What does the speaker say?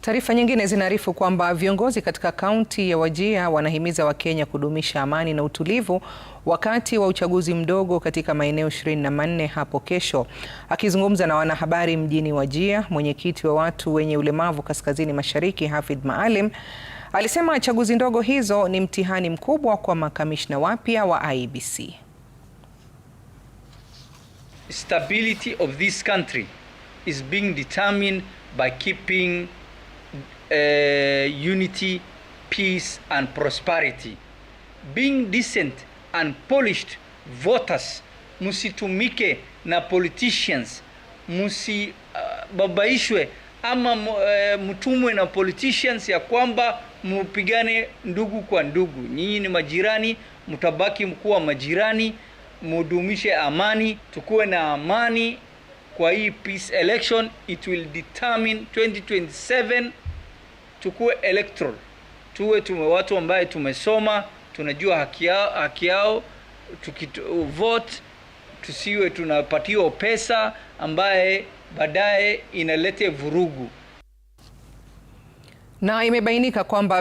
Taarifa nyingine zinaarifu kwamba viongozi katika kaunti ya Wajir wanahimiza Wakenya kudumisha amani na utulivu wakati wa uchaguzi mdogo katika maeneo 24 hapo kesho. Akizungumza na wanahabari mjini Wajir, mwenyekiti wa watu wenye ulemavu kaskazini mashariki Hafidh Maalim alisema chaguzi ndogo hizo ni mtihani mkubwa kwa makamishna wapya wa IEBC. Stability of this country is being determined by keeping uh, unity, peace, and prosperity. Being decent and polished voters, msitumike na politicians, msibabaishwe uh, ama uh, mtumwe na politicians ya kwamba mupigane ndugu kwa ndugu. Nyinyi ni majirani, mtabaki mkuwa majirani, mudumishe amani, tukuwe na amani kwa hii peace election. It will determine 2027 tukuwe electoral, tuwe tume watu ambaye tumesoma tunajua haki yao, haki yao tukivote, tusiwe tunapatiwa pesa ambaye baadaye inalete vurugu na imebainika kwamba